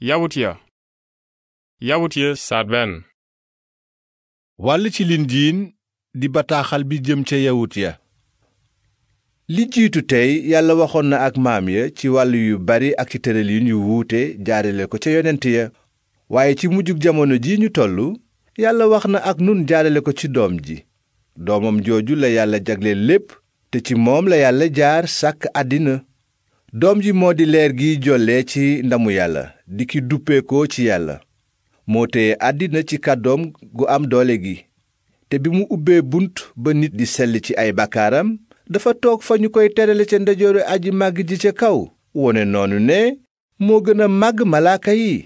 yawut ya yawut wàll ci jiin di bataaxal bi jëm ca yawut ya li jiitu tey yàlla waxoon na ak maam ya ci wàll yu bari ak ci tëralin yu wuute jaarale ko ca yonent ya waaye ci mujjug jamono ji ñu tollu yàlla wax na ak nun jaarale ko ci doom ji doomam jooju la yàlla jagle lépp te ci moom la yàlla jaar sàkk àddina doom ji moo di leer giy jolle ci ndamu yàlla di ki duppeekoo ci yàlla moo téye àddina ci kàddoom gu am doole gi te bi mu ubbee bunt ba nit di sell ci ay bakkaaram dafa toog fa ñu koy terale ca ndeyjooru aji màgg ji ca kaw wone noonu ne moo gën a màgg malaaka yi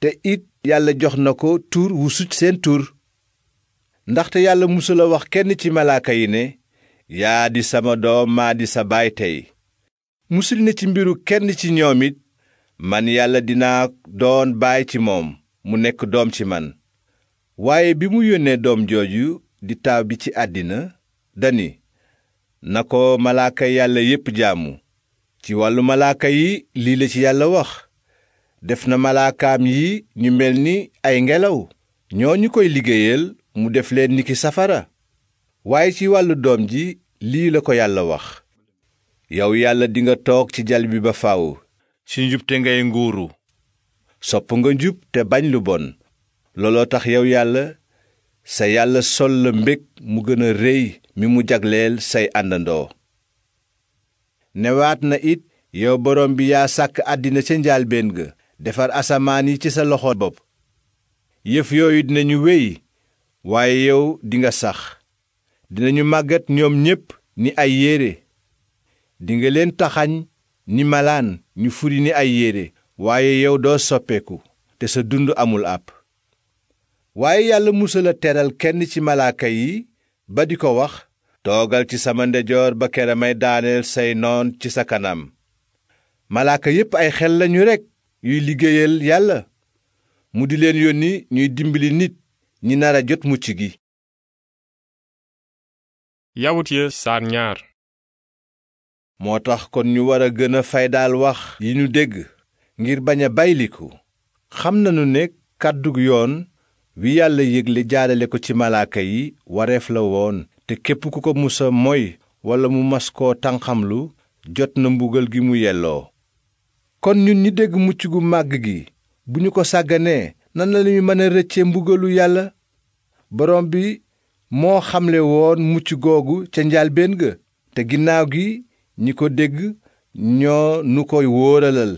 te it yàlla jox na ko tur wu sut seen tur ndaxte yàlla musula wax kenn ci malaaka yi ne yaa di sama doom maa di sa baay tey musul na ci mbiru kenn ci ñoom it man yàlla dinaa doon baay ci moom mu nekk doom ci man waaye bi mu yónnee doom jooju di taaw bi ci àddina dani na ko malaaka yàlla yépp jaamu ci wàllu malaaka yi lii la ci yàlla wax def na malaakaam yi ñu mel ni ay ngelaw ñoo ñu koy liggéeyal mu def leen niki safara waaye ci wàllu doom ji lii la ko yàlla wax yow yàlla dinga toog ci jal bi ba faw ci njubte ngay nguuru sopp nga njub te bañ lu bon looloo tax yow yàlla sa yàlla sol la mbég mu gën a réy mi mu jagleel say àndandoo newaat na it yow borom bi yaa sàkk àddina ca njaalbeen ga defar asamaan yi ci sa loxo bopp yëf yooyu dinañu wéy waaye yow dinga sax dinañu màggat ñoom ñépp ni ay yére dinga leen taxañ ni malaan ñu furi ni ay yére waaye yow doo soppeeku te sa dund amul àpp waaye yàlla musala teral kenn ci malaaka yi ba di ko wax toogal ci sama ndejoor ba kere may daaneel say noon ci sa kanam malaaka yépp ay xel lañu rekk yuy liggéeyal yàlla mu di leen yónni ñuy dimbali nit ñi nar a jot mucc gi yawut moo tax kon ñu war a gën a fay faydaal wax yi ñu dégg ngir bañ a bayliku xam nañu ne kàddug yoon wi yàlla yégle jaarale ko ci malaaka yi wareef la woon te képp ku ko musa moy walla mu mas koo tànqamlu jot na mbugal gi mu yelloo kon ñun ñi dégg mucc gu màgg gi bu ñu ko sàgganee nan lañuy mën a rëcce mbugalu yàlla borom bi moo xamle woon mucc googu ca njaalbéen ga te ginnaaw gi ñi ko dégg ñoo nu koy wóoralal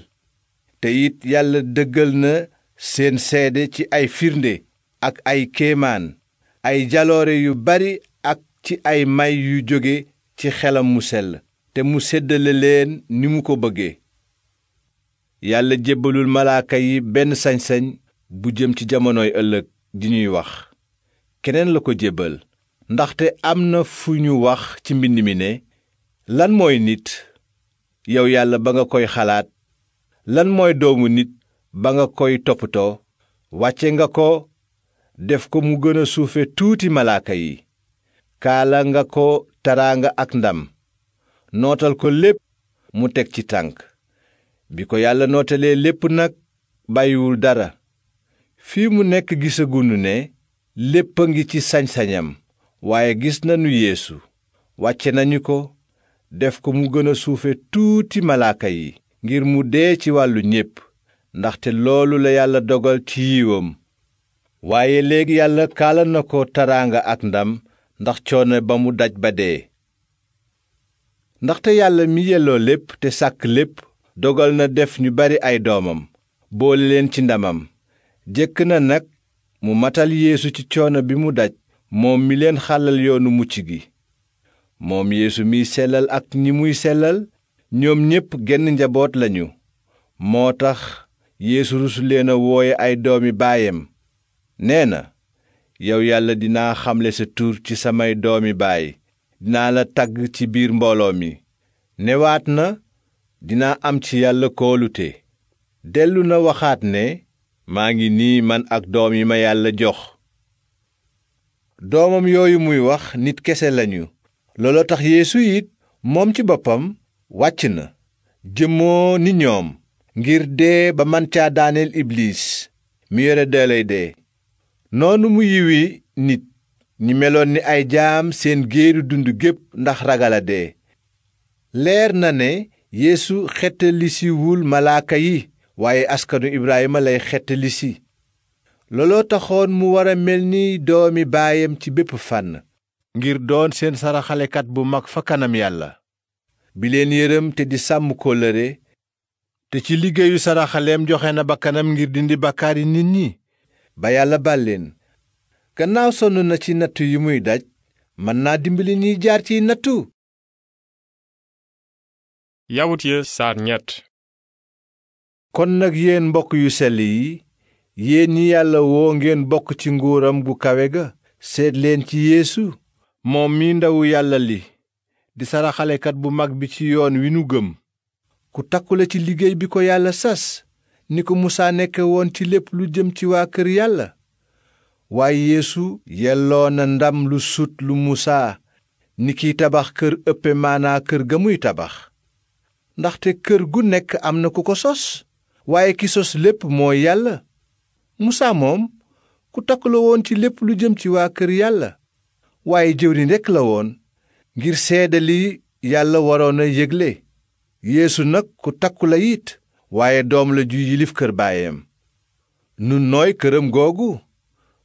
te it yàlla dëggal na seen seede ci ay firnde ak ay kéemaan ay jaloore yu bari ak ci ay may yu jóge ci xelam mu sell te mu séddale leen ni mu ko bëggee yàlla jébbalul malaaka yi benn sañ bu jëm ci jamonoy ëllëg di ñuy wax keneen la ko jébbal ndaxte am na fu ñu wax ci mbind mi ne lan mooy nit yow yàlla ba nga koy xalaat lan mooy doomu nit ba nga koy toppatoo wàcce nga ko def ko mu gën a suufe tuuti malaaka yi kaala nga ko taraanga ak ndam nootal ko lépp mu teg ci tànk bi ko yàlla nootalee lépp nag bàyyiwul dara fii mu nekk gisagunu ne lépp a ngi ci sañ-sañam waaye gis nanu yeesu wàcce nañu ko def ko mu gën a suufe tuuti malaaka yi ngir mu dee ci wàllu ñépp ndaxte loolu la yàlla dogal ci yiwam waaye léegi yàlla kaala na ko taraanga ak ndam ndax coono ba mu daj ba dee ndaxte yàlla mi yelloo lépp te sàkk lépp dogal na def ñu bari ay doomam boole leen ci ndamam jëkk na nag mu matal yéesu ci coono bi mu daj moom mi leen xàllal yoonu mucc gi moom yéesu miy sellal ak ñi muy sellal ñoom ñépp genn njaboot lañu moo tax yeesu rusu leen a wooye ay doomi baayam nee na yow yàlla dinaa xamle sa tur ci samay doomi baay dinaa la tagg ci biir mbooloo mi newaat na dinaa am ci yàlla koolute dellu na waxaat ne maa ngi nii man ak doom yi ma yàlla jox doomam yooyu muy wax nit kese lañu looloo tax yéesu it moom ci boppam wàcc na jëmmoo ni ñoom ngir dee ba man caa daaneel ibliis mi yore dooley dee noonu mu yiwi nit ñi meloon ni ay jaam seen géeru dund gépp ndax ragal a dee leer na ne yéesu xettalisiwul malaaka yi waaye askanu ibraayima lay xettalisi looloo taxoon mu war a mel ni doomi baayam ci bépp fànn ngir doon seen saraxalekat bu mag fa kanam yàlla bi leen yërëm te di sàmm kóllëre te ci liggéeyu saraxaleem joxe na bakkanam ngir dindi bàkkaari nit ñi ba yàlla baal leen gannaaw sonn na ci nattu yi muy daj mën naa dimbali ñiy jaar ciy nattu yawut ya saar yàlla woo ngeen bokk ci nguuram gu kawe ga seet leen ci yeesu moom mi ndawu yàlla li di saraxalekat bu mag bi ci yoon wi nu gëm ku takkula ci liggéey bi ko yàlla sas ni ko musaa nekke woon ci lépp lu jëm ci waa kër yàlla waaye yeesu yelloo na ndam lu sut lu musaa ni kiy tabax kër ëppe maanaa kër ga muy tabax ndaxte kër gu nekk am na ku ko sos waaye ki sos lépp mooy yàlla musaa moom ku takku woon ci lépp lu jëm ci waa kër yàlla waaye jëwriñ rekk la woon ngir seede li yàlla waroon a yégle yéesu nag ku takku la waaye doom la ju yilif kër baayam nun nooy këram googu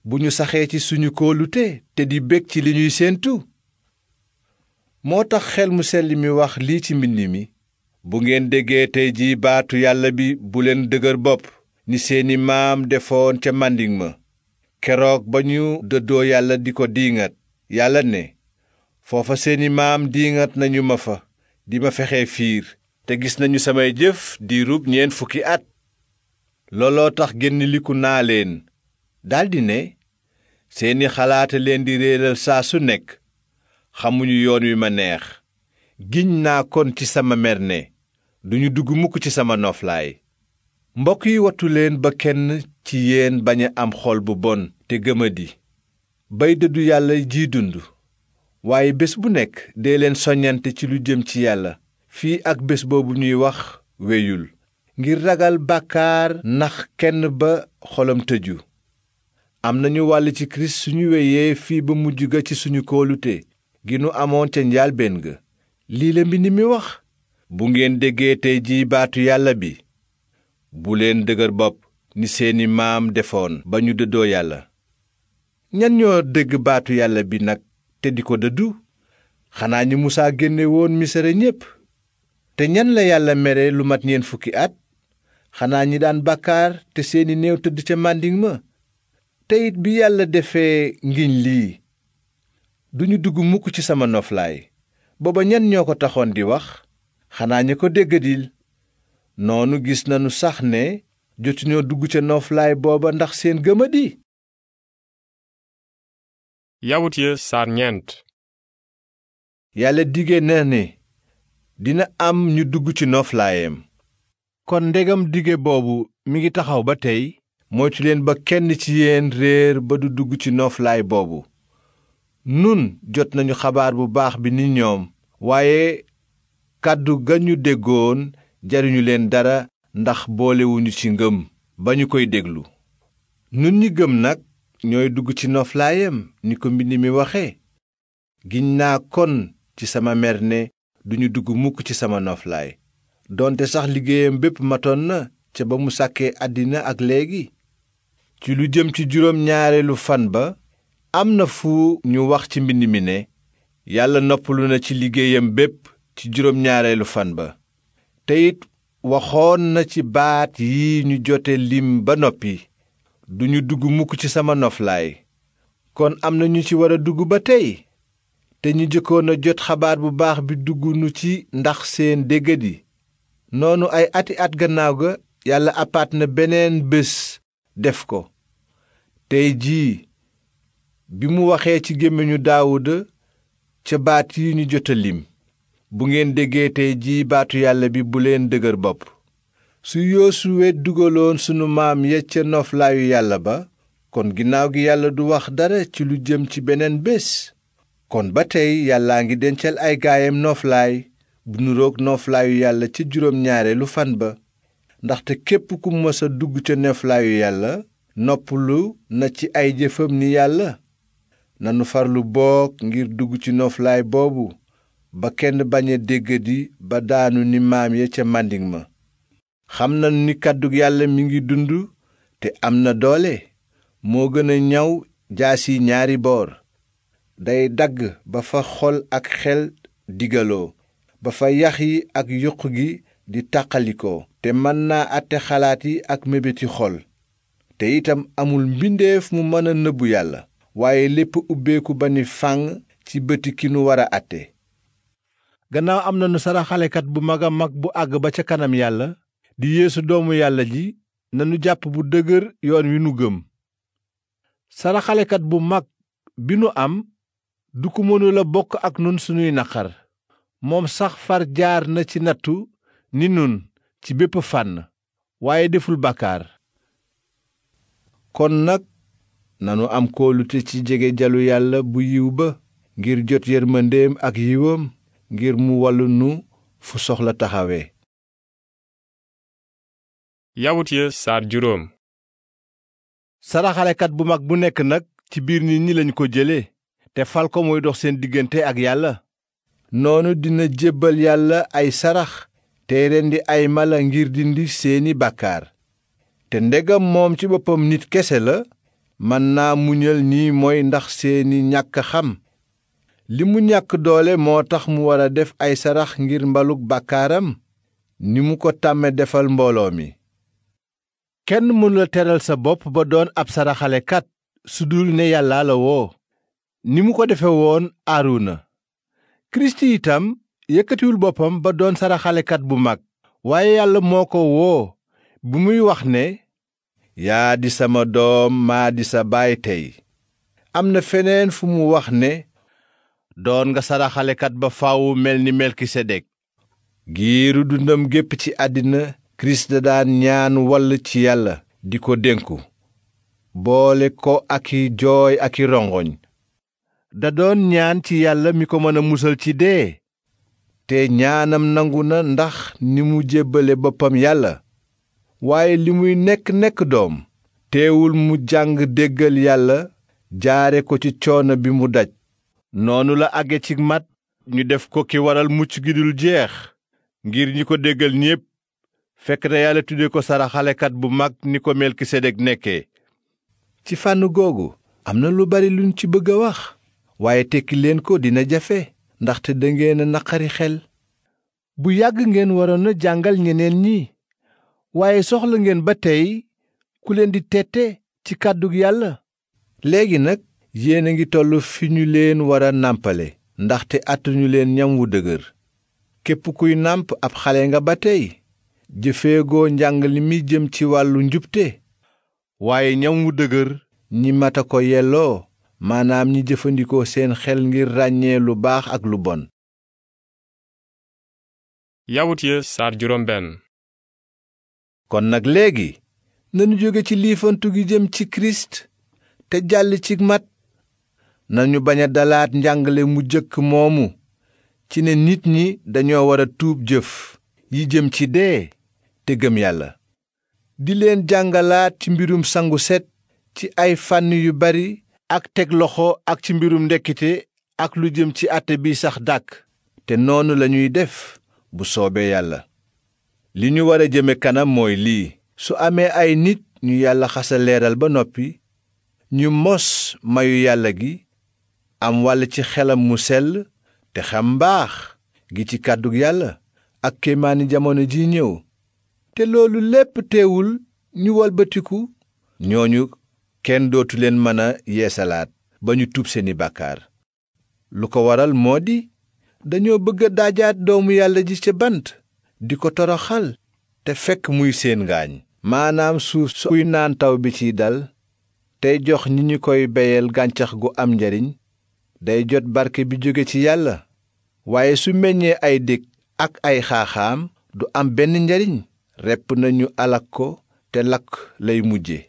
bu ñu saxee ci suñu kóolute te di bég ci li ñuy séentu moo tax xel mu selli mi wax lii ci mbind mi bu ngeen déggee tey ji baatu yàlla bi bu leen dëgër bopp ni seeni maam defoon ca màndiŋ ma keroog ba ñu dëddoo yàlla di ko diiŋat yàlla ne foofa seeni maam diingat nañu ma fa di ma fexe fiir te gis nañu samay jëf diirub ñeent fukki at looloo tax génn liku naa leen daldi ne seeni xalaata leen di réeral saa su nekk xamuñu yoon wi ma neex giñ naa kon ci sama merne duñu dugg mukk ci sama noflaay mbokk yi wattu leen ba kenn ci yéen bañ am xol bu bon te gëmadi bay dëddu yàlla ji dund waaye bés bu nekk dee leen soññante ci lu jëm ci yàlla fii ak bés boobu ñuy wax weyul ngir ragal bàkkaar nax kenn ba xolam tëju am nañu wàll ci kirist ñu weyee fii ba mujj ga ci suñu kóolute gi nu amoon ca njaalbeen ga lii la mbind mi wax bu ngeen déggee tey ji baatu yàlla bi bu leen dëgër bopp ni seeni maam defoon ba ñu dëddoo yàlla ñan ñoo dégg baatu yàlla bi nag te di ko dëddu xanaa ñi musaa génne woon misere ñépp te ñan la yàlla mere lu mat ñeent fukki at xanaa ñi daan bàkkaar te seeni néew tëdd ca màndiŋ ma te bi yàlla defee ngiñ lii duñu dugg mukk ci sama nooflaay booba ñan ñoo ko taxoon di wax xanaa ña ko déggadil noonu gis nanu sax ne jotuñoo dugg ca nooflaay booba ndax seen gëmadi yawut ya saar ñeent yàlla dige na ne dina am ñu dugg ci nooflaayam kon ndegam dige boobu mi ngi taxaw ba tey moytu leen ba kenn ci yéen réer ba du dugg ci nooflaay boobu nun jot nañu xabaar bu baax bi ni ñoom waaye kàddu ga ñu déggoon jariñu leen dara ndax boolewuñu ci ngëm ba ñu koy déglu nun ñi gëm nag ñooy dugg ci noflaayam ni ko mbind mi waxe giñ naa kon ci sama mer ne duñu dugg mukk ci sama noflaay doonte sax liggéeyam bépp matoon na ca ba mu sàkkee àddina ak léegi ci lu jëm ci juróom ñaareelu fan ba am na fu ñu wax ci mbind mi ne yàlla noppalu na ci liggéeyam bépp ci juróom ñaareelu fan ba te it waxoon na ci baat yi ñu jote lim ba noppi duñu dugg mukk ci sama noflaay kon am na ñu ci war a dugg ba tey te ñu jëkkoon a jot xabaar bu baax bi dugg nu ci ndax seen déggadi noonu ay ati at gannaaw ga yàlla apaat na beneen bés def ko tey jii bi mu waxee ci gémmiñu daawuda ca baat yi ñu jot lim bu ngeen déggee tey jii baatu yàlla bi bu leen dëgër bopp su yoosuwe dugaloon sunu maam ya ca noflaayu yàlla ba kon ginnaaw gi yàlla du wax dara ci lu jëm ci beneen bés kon ba tey yàllaa ngi dencal ay gaayam noflaay bu nuroog noflaayu yàlla ca juróom ñaareelu fan ba ndaxte képp ku mës a dugg ca noflaayu yàlla noppalu na ci ay jëfam ni yàlla nanu farlu boog ngir dugg ci noflaay boobu ba kenn bañ a déggadi ba daanu ni maam ya ca màndiŋ ma xam na ni kàddu yàlla mi ngi dund te am na doole moo gën a ñaw jaasi ñaari boor day dagg ba fa xol ak xel digaloo ba fa yax yi ak yuq gi di tàqalikoo te mën naa àtte xalaat yi ak mébéti xol te itam amul mbindeef mu mën a nëbbu yàlla waaye lépp ubbeeku ba ni fànn ci bëti ki nu war a àtte gannaaw am na nanu saraxalekat bu mag a mag bu àgg ba ca kanam yàlla di yeesu doomu yàlla ji nanu jàpp bu dëgër yoon wi nu gëm saraxalekat bu mag bi nu am du ko mënula bokk ak nun sunuy naqar moom sax far jaar na ci nattu ni nun ci bépp fànn waaye deful bàkkaar kon nag nanu am kóolute ci jege jalu yàlla bu yiw ba ngir jot yërmandeem ak yiwam ngir mu wàllu nu fu soxla taxawe yawut ya saar saraxalekat bu mag bu nekk nag ci biir nit ñi lañ ko jële te fal ko muy dox seen diggante ak yàlla noonu dina jébbal yàlla ay sarax tey rendi ay mala ngir dindi seeni bàkkaar te ndegam moom ci boppam nit kese la mën naa muñal nii mooy ndax seeni ñàkk xam li mu ñàkk doole moo tax mu wara def ay sarax ngir mbalug bàkkaaram ni mu ko tàmme defal mbooloo mi kenn mënula teral sa bopp ba doon ab saraxalekat su dul ne yàlla la woo ni mu ko defe woon aaruna kirist itam yëkkatiwul boppam ba doon saraxalekat bu mag waaye yàlla moo ko woo bu muy wax ne yaa di sama doom maa di sa baay tey am na feneen fu mu wax ne doon nga saraxalekat ba faw mel ni melkisedek giiru dundam gépp ci àddina kirist da daan ñaan wall ci yàlla di ko dénku boole ko ak i jooy ak i rongoñ da doon ñaan ci yàlla mi ko mën a musal ci dee te ñaanam nangu na ndax ni mu jébbale boppam yàlla waaye li muy nekk nekk doom teewul mu jàng déggal yàlla jaare ko ci coono bi mu daj noonu la àgge ci mat ñu def ko ki waral mucc gi dul jeex ngir ñi ko déggal ñépp fekk na yàlla tudde ko saraxalekat bu mag ni ko melkisedek nekke ci fànn googu am na lu bari luñ ci bëgg a wax waaye tekki leen ko dina jafe ndaxte dangeen a naqari xel bu yàgg ngeen waroon a jàngal ñeneen ñi waaye soxla ngeen ba tey ku leen di tette ci kàddug yàlla léegi nag yéen a ngi toll fi ñu leen war a nàmpale ndaxte àttuñu leen ñam wu dëgër képp kuy nàmp ab xale nga ba tey jëfeegoo njàng li jëm ci wàllu njubte waaye ñam wu dëgër ñi mata ko yelloo maanaam ñi jëfandikoo seen xel ngir ràññee lu baax ak lu bon yawut kon nag léegi nanu jóge ci liifantu gi jëm ci kirist te jàll ci mat nañu bañ a dalaat njàngale mu jëkk moomu ci ne nit ñi dañoo wara a tuub jëf yi jëm ci dee te gëm yàlla di leen jàngalaat ci mbirum sangu set ci ay fànn yu bari ak teg loxo ak ci mbirum ndekkite ak lu jëm ci àtte bi sax dàkk te noonu lañuy def bu soobee yàlla li ñu war a jëme kanam mooy lii su amee ay nit ñu yàlla xasa leeral ba noppi ñu mos mayu yàlla gi am wàll ci xelam mu sell te xam mbaax gi ci kàddug yàlla ak kéemaani jamono ji ñëw te loolu lépp teewul ñu walbatiku ñooñu kenn dootu leen mën a yeesalaat ba ñu tuub seeni bàkkaar lu ko waral moo di dañoo bëgg a daajaat doomu yàlla ji ca bant di ko toroxal te fekk muy seen ngaañ maanaam suuf suy naan taw bi ciy dal tey jox ñi ñu koy beyel gàncax gu am njariñ day jot barke bi jóge ci yàlla waaye su meññee ay dég ak ay xaaxaam du am benn njariñ repp nañu alak ko te lakk lay mujje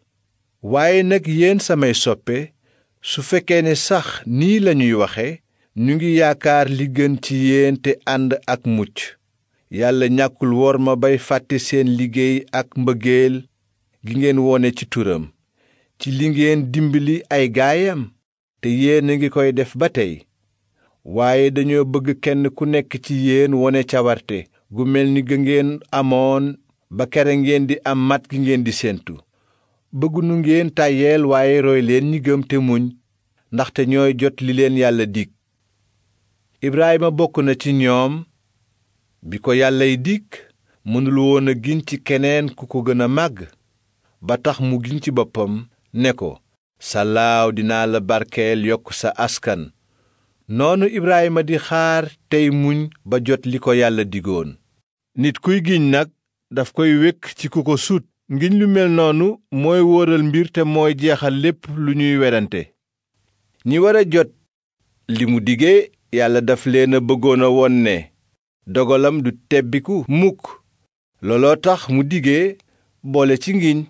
waaye nag yéen samay soppe su fekkee ne sax nii lañuy waxe ñu ngi yaakaar li gën ci yéen te ànd ak mucc yàlla ñàkkul wor ma bay fàtte seen liggéey ak mbëggeel gi ngeen wone ci turam ci li ngeen dimbali ay gaayam te yéen a ngi koy def ba tey waaye dañoo bëgg kenn ku nekk ci yéen wone cawarte gu mel ni ga ngeen amoon ba kere ngeen di am mat ki ngeen di séentu bëggunu ngeen tàyyeel waaye roy leen ñi gëm te muñ ndaxte ñooy jot li leen yàlla dig Ibrahima bokk na ci ñoom bi ko yàllay dig mënul woon a gin ci keneen ku ko gën a màgg ba tax mu giñ ci boppam ne ko sa laaw dinaa la barkeel yokk sa askan noonu Ibrahima di xaar tey muñ ba jot li ko yàlla digoon nit kuy giñ nag daf koy wékk ci ku ko suut ngiñ lu mel noonu mooy wóoral mbir te mooy jeexal lépp lu ñuy werante ñi war a jot li mu digee yàlla daf leen bëggoona woon ne dogalam du tebbiku mukk looloo tax mu digee boole ci ngiñ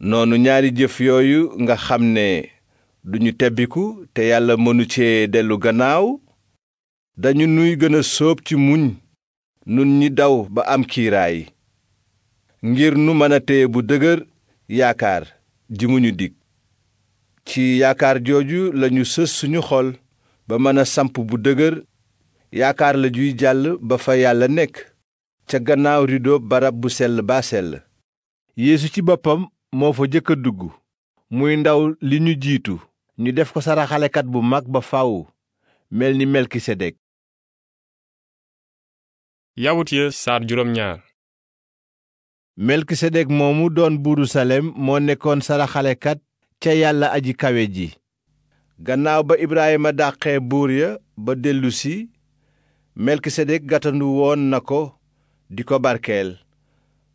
noonu ñaari jëf yooyu nga xam ne duñu tebbiku te yàlla mënu cee dellu gannaaw dañu nuy gëna soob ci muñ nun ñi daw ba am kiiraay ngir nu mën a téye bu dëgër yaakaar ji mu ñu dig ci yaakaar jooju lañu sës suñu xol ba mën a samp bu dëgër yaakaar la juy jàll ba fa yàlla nekk ca gannaaw rido barab bu sell baa sell yéesu ci boppam moo fa jëkk a dugg muy ndaw li ñu jiitu ñu def ko saraxalekat bu mag ba faw mel ni melkisedek yawut ya saar juróom melkisedek moomu doon buuru salem moo nekkoon saraxalekat ca yàlla aji kawe ji gannaaw ba ibraayima dàqee buur ya ba dellusi melkisedek gatandu woon na ko di ko barkeel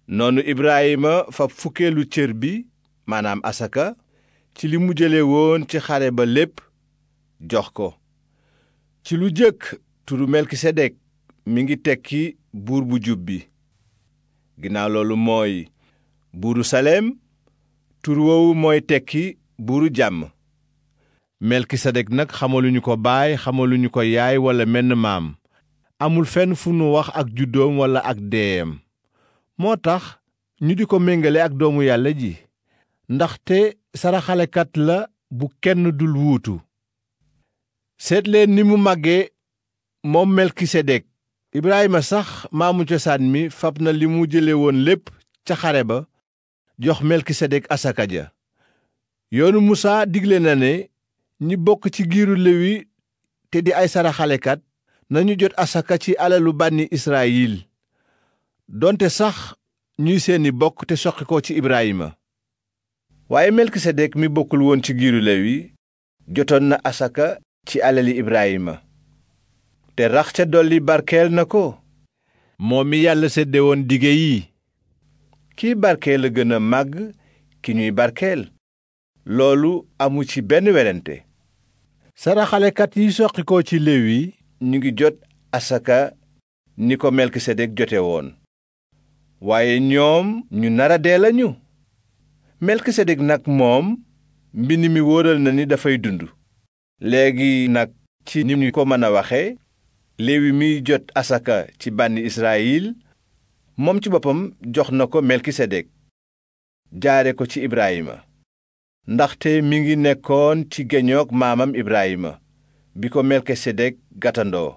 noonu ibraayima fa fukkeelu cër bi maanaam asaka ci li mu jële woon ci xare ba lépp jox ko ci lu jëkk turu melkisedek mi ngi tekki buur bu jub bi ginnaaw loolu mooy buuru saleem tur woowu mooy tekki buuru jàmm melkisedek nag xamaluñu ko baay xamaluñu ko yaay walla menn maam amul fenn fu nu wax ak juddoom walla ak deeyam moo tax ñu di ko méngale ak doomu yàlla ji ndaxte saraxalekat la bu kenn dul wuutu seetleen ni mu màggee moom melkisedek Ibrahima sax maamu cosaan mi fab na li mu jële woon lépp ca xare ba jox melkisedek asaka ja yoonu musaa digle na ne ñi bokk ci giiru lewi te di ay saraxalekat nañu jot asaka ci alalu bànni israyil doonte sax ñuy seeni bokk te soqi ci Ibrahima waaye melkisedek mi bokkul woon ci giiru lewi jotoon na asaka ci alali Ibrahima te rax ca dolli barkeel na ko moom mi yàlla séddewoon dige yi kii barkeel a gën a màgg ki ñuy barkeel loolu amu ci benn werante saraxalekat yi soqi ko ci Léwi ñu ngi jot asaka ni ko melkisedek jote woon waaye ñoom ñu nara dee lañu melkisedek nag moom mbind mi wóoral na ni dafay dund léegi nag ci ni ñu ko mën a waxe léewi miy jot asaka ci bànni israyil moom ci boppam jox na ko melkisedek jaare ko ci ibrahima ndaxte mi ngi nekkoon ci geñoog maamam ibrahima bi ko melkisedek gàttandoo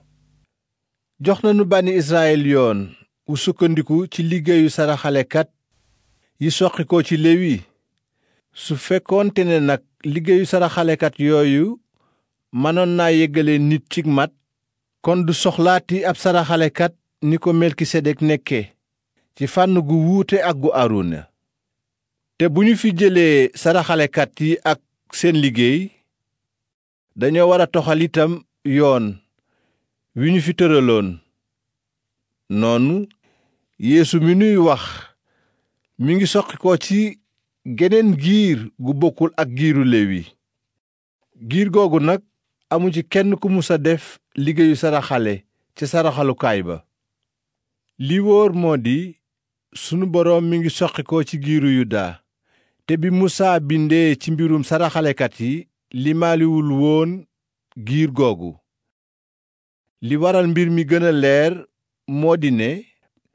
jox nanu bànni israyil yoon wu sukkandiku ci liggéeyu saraxalekat yi soqi ci léwi su fekkoonte ne nag liggéeyu saraxalekat yooyu mënoon naa yëgale nit ci mat kon du soxlaati ab saraxalekat ni ko melkisedek nekke ci fànn gu wuute ak gu aruna te bu ñu fi jëlee saraxalekat yi ak seen liggéey dañoo war a toxal itam yoon wi ñu fi tëraloon noonu yéesu mi nuy wax mi ngi soqi ko ci geneen giir gu bokkul ak giiru lewi giir googu nag amu ci kenn ku musa def liggéeyu saraxale ca saraxalukaay ba li wóor moo di sunu boroom mi ngi soqikoo ci giiru yuda te bi musaa bindee ci mbirum saraxalekat yi limaaliwul woon giir googu li waral mbir mi gën a leer moo di ne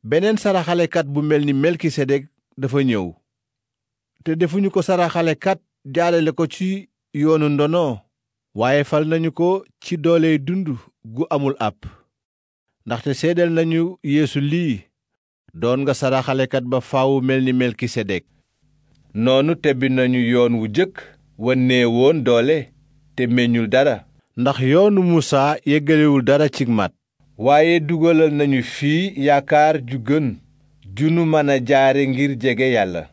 beneen saraxalekat bu mel ni melkisedek dafa ñëw te defuñu ko saraxalekat jaarale ko ci yoonu ndono waaye fal nañu ko ci dooley dund gu amul àpp ndaxte seedeel nañu yéesu lii doon nga saraxalekat ba faawu mel ni melkisedek noonu tebbi nañu yoon wu jëkk wa néewoon doole te meññul dara ndax yoonu muusaa yeggalewul dara ci mat waaye dugalal nañu fii yaakaar ju gën junu mën a jaare ngir jege yàlla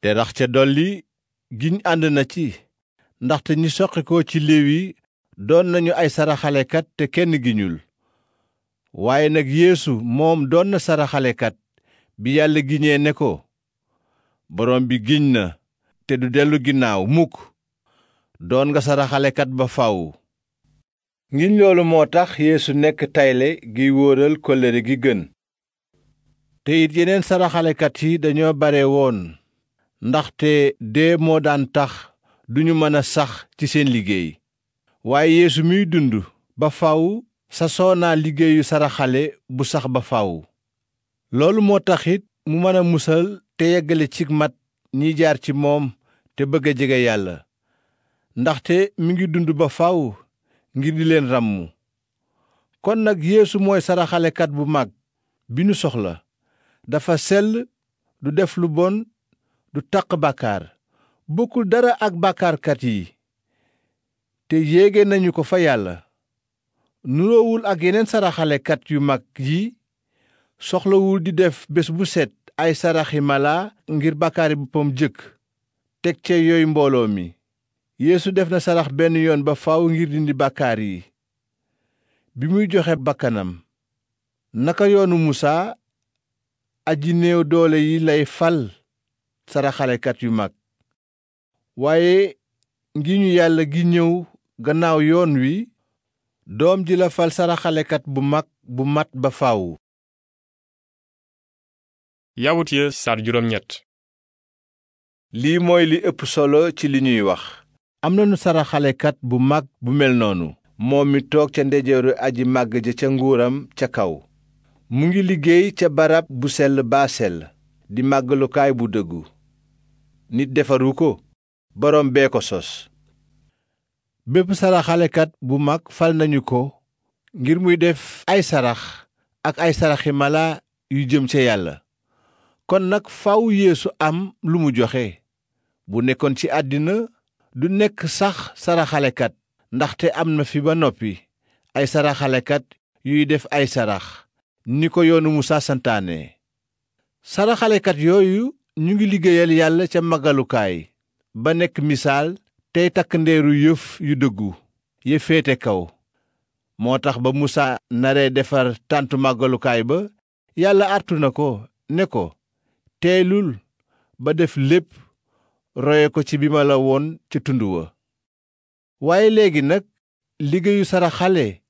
te rax ca dolli giñ ànd na ci ndaxte ñi soqikoo ci léwi doon nañu ay saraxalekat te kenn giñul waaye nag yéesu moom doon na saraxalekat bi yàlla giñee ne ko borom bi giñ na te du dellu ginnaaw mukk doon nga saraxalekat ba faw ngiñ loolu moo tax yéesu nekk tayle giy wóoral kóllëre gi gën te it yeneen saraxalekat yi dañoo bare woon ndaxte dee moo daan tax duñu mën a sax ci seen liggéey waaye yeesu miy dund ba faw sasoo naa liggéeyu saraxale bu sax ba faw loolu moo taxit mu mën a musal te yeggale ci mat ñi jaar ci moom te bëgg a jege yàlla ndaxte mu ngi dund ba faw ngir di leen ràmmu kon nag yéesu mooy saraxalekat bu mag bi ñu soxla dafa sell du def lu bon du taq bàkkaar bokkul dara ak bàkkaarkat yi te yéege nañu ko fa yàlla nuroowul ak yeneen saraxalekat yu mag yi soxlawul di def bés bu set ay saraxi mala ngir bu boppam jëkk teg ca yooyu mbooloo mi yeesu def na sarax benn yoon ba faw ngir dindi bàkkaar yi bi muy joxe bakkanam naka yoonu musaa aji néew doole yi lay fal saraxalekat yu mag waaye ñu yàlla gi ñëw gannaaw yoon wi doom ji la fal saraxalekat bu mag bu mat ba faaw. yawut ya lii mooy li ëpp solo ci li ñuy wax am nanu saraxalekat bu mag bu mel noonu moom mi toog ca ndejeeru aji màgg ja ca nguuram ca kaw mu ngi liggéey ca barab bu sell baa sell di màggalukaay bu dëggu nit defaru ko boroom bee ko sos bépp saraxalekat bu mag fal nañu ko ngir muy def ay sarax ak ay saraxi malaa yu jëm ca yàlla kon nag faw yéesu am lu mu joxe bu nekkoon ci àddina du nekk sax saraxalekat ndaxte am na fi ba noppi ay saraxalekat yuy def ay sarax ni ko yoonu musaa santaane saraxalekat yooyu ñu ngi liggéeyal yàlla ca magalukaay ba nekk misaal tey takk ndeeru yëf yu dëggu ya féete kaw moo tax ba Musaa naree defar tàntu màggalukaay ba yàlla artu na ko ne ko teelul ba def lépp roye ko ci bi ma la woon ca tund wa waaye léegi nag liggéeyu saraxale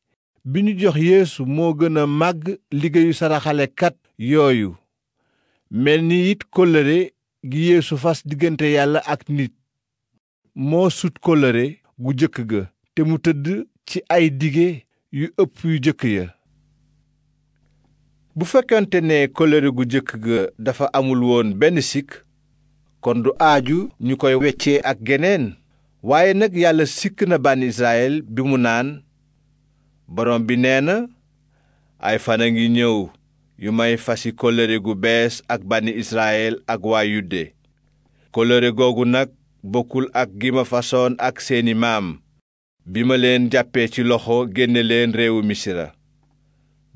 bi ñu jox yéesu moo gën a màgg liggéeyu kat yooyu mel ni it kóllëre gi yeesu fas diggante yàlla ak nit moo sut kóllëre gu jëkk ga te mu tëdd ci ay dige yu ëpp yu jëkk ya bu fekkente ne kóllëre gu jëkk ga dafa amul woon benn sikk kon du aaju ñu koy weccee ak geneen waaye nag yàlla sikk na bànn Israyel bi mu naan borom bi nee na ay fan a ngi ñëw yu may fasi kóllëre gu bees ak bànni Israyel ak waa Yude kóllëre googu nag bokkul ak gi ma fasoon ak seeni maam bi ma leen jàppee ci loxo génne leen réewu misira